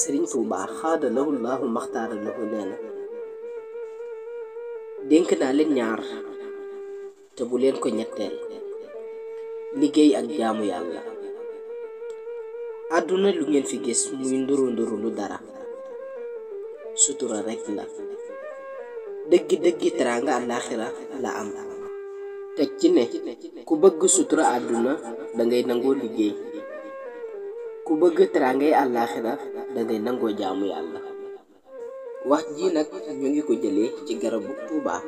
sëriñ Tuubaa xaada lahu llahu maxtaara lahu nee na dénk naa leen ñaar te bu leen ko ñetteel liggéey ak jaamu yàlla aduna lu ngeen fi gis muy nduru nduru lu dara sutura rekk la dëggi dëggi teraanga àllaaxira la am teg ci ne ku bëgg sutura nangoo ku bëgg teraangay àllaaxira dangay nangoo jaamu yàlla wax ji nag ñu ngi ko jëlee ci garabu Tuubaa